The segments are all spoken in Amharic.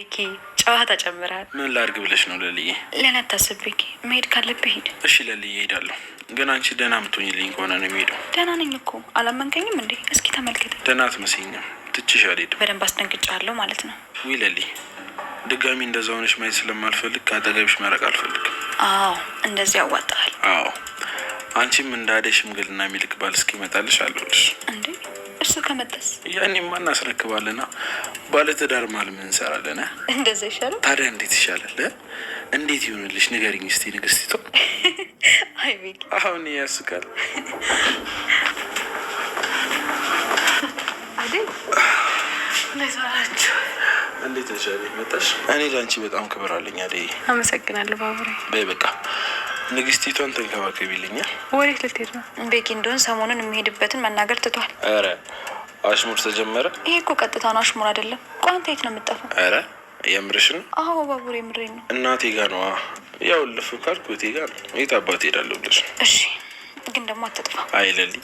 ቤኪ ጨዋታ ጨምራል። ምን ላድርግ ብለሽ ነው ለልዬ? ለነታስብ ቤኪ፣ መሄድ ካለብህ ሂድ። እሺ ለልዬ እሄዳለሁ፣ ግን አንቺ ደህና ምትሆኝልኝ ከሆነ ነው የሚሄደው። ደህና ነኝ እኮ አላመንከኝም እንዴ? እስኪ ተመልከተ። ደህና አትመስይኝም። ትችሽ አልሄድም። በደንብ አስደንግጫለሁ ማለት ነው። ዊ ለልዬ ድጋሚ እንደዛ ሆነሽ ማየት ስለማልፈልግ ከአጠገብሽ መረቅ አልፈልግም። አዎ እንደዚህ ያዋጣል። አዎ አንቺም እንዳደ ሽምግልና የሚልክ ባል እስኪመጣልሽ አለሁልሽ። እንዴ እሱ ከመጣስ ማ እናስረክባለና ባለትዳር ምን እንሰራለን። እንደዛ ይሻላል። ታዲያ እንዴት ይሻላል? እንዴት ይሆንልሽ? ንገሪኝ እስቲ ንግስቲቶ። አይ ቤት አሁን ያስቃል እንዴት ነሽ? መጣሽ? እኔ ለአንቺ በጣም ክብር አለኝ። አደይ አመሰግናለሁ። ባቡሬ በይ በቃ ንግስቲቷን ተንከባከቢልኛል። ወዴት ልትሄድ ነው? ቤኪ እንደሆን ሰሞኑን የሚሄድበትን መናገር ትቷል። ኧረ አሽሙር ተጀመረ። ይሄ እኮ ቀጥታ ነው አሽሙር አይደለም። ቆይ አንተ የት ነው የምጠፋው? ኧረ የምርሽን? አዎ ባቡር የምሬን ነው። እናቴ ጋ ነዋ። ያው ልፍ ካልኩ እቴ ጋ ነው። የት አባት ሄዳለሁ ብለሽ? እሺ ግን ደግሞ አትጥፋ። አይለሊ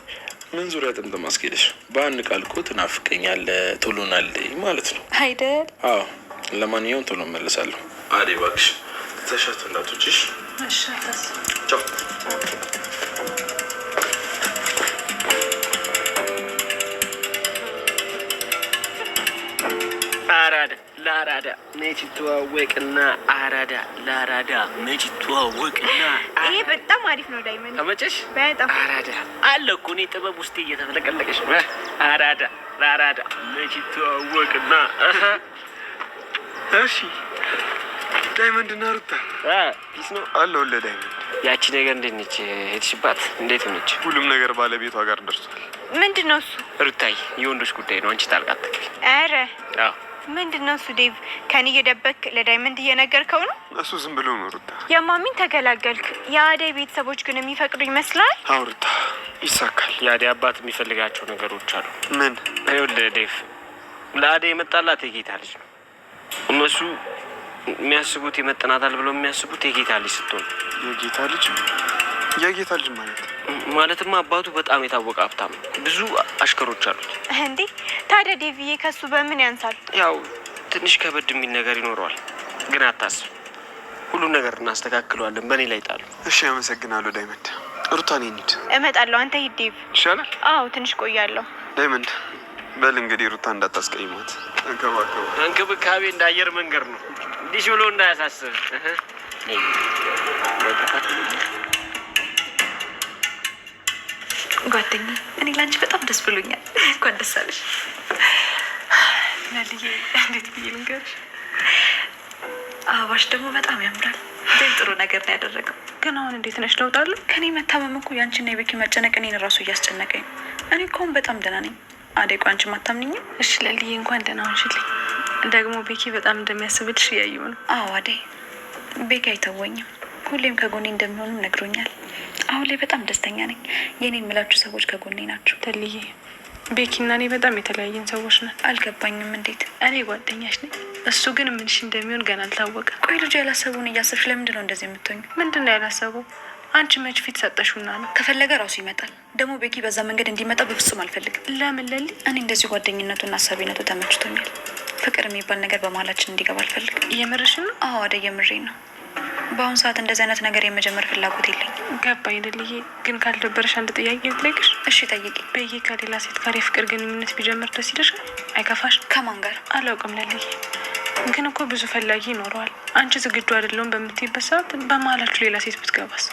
ምን ዙሪያ ጥምጥም አስኬደሽ? በአንድ ቃል እኮ ትናፍቀኛለህ ቶሎናለይ ማለት ነው አይደል? አዎ ለማንኛውም ቶሎ እመለሳለሁ። አዴ እባክሽ ተሻቱ ለአራዳ መች ይተዋወቅና አራዳ ለአራዳ መች ይተዋወቅና ይሄ በጣም አሪፍ ነው። ዳይመንድ ተመቸሽ? በጣም አራዳ አለ እኮ እኔ ጥበብ ውስጥ እየተፈለቀለቀች ነው። አራዳ ለአራዳ መች ይተዋወቅና እሺ ዳይመንድ እና ሩታ ፒስ ነው ወለ ለዳይመንድ ያቺ ነገር እንዴት ነች? ሄድሽባት? እንዴት ነች? ሁሉም ነገር ባለቤቷ ጋር ደርሷል። ምንድን ነው እሱ? ሩታይ፣ የወንዶች ጉዳይ ነው። አንቺ ጣልቃ አትግቢ። ኧረ አዎ ምንድን ነው እሱ? ዴቭ ከኔ እየደበክ ለዳይመንድ እየነገርከው ነው? እሱ ዝም ብሎ ነው ሩታ። የማሚን ተገላገልክ። የአደይ ቤተሰቦች ግን የሚፈቅዱ ይመስላል? አዎ ሩታ፣ ይሳካል። የአደይ አባት የሚፈልጋቸው ነገሮች አሉ። ምን? ይኸውልህ ዴቭ፣ ለአደይ የመጣላት የጌታ ልጅ ነው። እነሱ የሚያስቡት ይመጥናታል ብለው የሚያስቡት የጌታ ልጅ ስትሆን የጌታ ልጅ የጌታ ልጅ ማለት ማለትማ አባቱ በጣም የታወቀ ሀብታም ብዙ አሽከሮች አሉት። እንዴ ታዲያ ዴቪዬ ከሱ በምን ያንሳል? ያው ትንሽ ከበድ የሚል ነገር ይኖረዋል። ግን አታስብ፣ ሁሉን ነገር እናስተካክለዋለን። በእኔ ላይ ጣሉ። እሺ፣ አመሰግናለሁ ዳይመንድ። ሩታ፣ እኔ እመጣለሁ። አንተ ሂድ ዴቭ። ይሻላል። አዎ፣ ትንሽ ቆያለሁ። ዳይመንድ፣ በል እንግዲህ ሩታ እንዳታስቀይሟት፣ እንክብካቤ እንደ አየር መንገድ ነው። እንዲህ ብሎ እንዳያሳስብ ጓደኛ፣ እኔ ላንቺ በጣም ደስ ብሎኛል። እንኳን ደስ አለሽ እንዴት ብዬ ልንገርሽ? አበባሽ ደግሞ በጣም ያምራል። ግን ጥሩ ነገር ነው ያደረገው። ግን አሁን እንዴት ነሽ? ለውጣለ ከእኔ ከኔ መታመም እኮ ያንቺና የቤኪ መጨነቅ እኔን ራሱ እያስጨነቀኝ እኔ እኮ አሁን በጣም ደህና ነኝ። አደይ ቆይ፣ አንቺ ማታምንኝም? እሺ ለልዬ፣ እንኳን ደህና ሆንሽልኝ። ደግሞ ቤኪ በጣም እንደሚያስብልሽ እያየሁ ነው። አዎ አደይ፣ ቤኪ አይተወኝም። ሁሌም ከጎኔ እንደሚሆኑም ነግሮኛል። አሁን ላይ በጣም ደስተኛ ነኝ። የኔ የምላችሁ ሰዎች ከጎኔ ናቸው። ተልዬ ቤኪና እኔ በጣም የተለያየን ሰዎች ነን። አልገባኝም እንዴት? እኔ ጓደኛሽ ነኝ፣ እሱ ግን ምንሽ እንደሚሆን ገና አልታወቀ። ቆይ ልጁ ያላሰቡን እያሰብሽ ለምንድን ነው እንደዚህ የምትኙ? ምንድን ነው ያላሰቡ? አንቺ መች ፊት ሰጠሽና ነው? ከፈለገ ራሱ ይመጣል። ደግሞ ቤኪ በዛ መንገድ እንዲመጣ በፍጹም አልፈልግም። ለምን ለሊ? እኔ እንደዚሁ ጓደኝነቱና አሳቢነቱ ተመችቶኛል። ፍቅር የሚባል ነገር በመሀላችን እንዲገባ አልፈልግም። እየምርሽ ነው? አዎ አደ የምሬ ነው። በአሁኑ ሰዓት እንደዚህ አይነት ነገር የመጀመር ፍላጎት ገባ ገባኝ ልልዬ። ግን ካልደበረሽ አንድ ጥያቄ ልጠይቅሽ? እሺ ጠይቂ። በየ ከሌላ ሴት ጋር የፍቅር ግንኙነት ቢጀምር ደስ ይለሻል? አይከፋሽ? ከማን ጋር አላውቅም ልልዬ። ግን እኮ ብዙ ፈላጊ ይኖረዋል። አንቺ ዝግጁ አይደለሁም በምትይበት ሰዓት በመሀላችሁ ሌላ ሴት ብትገባስ?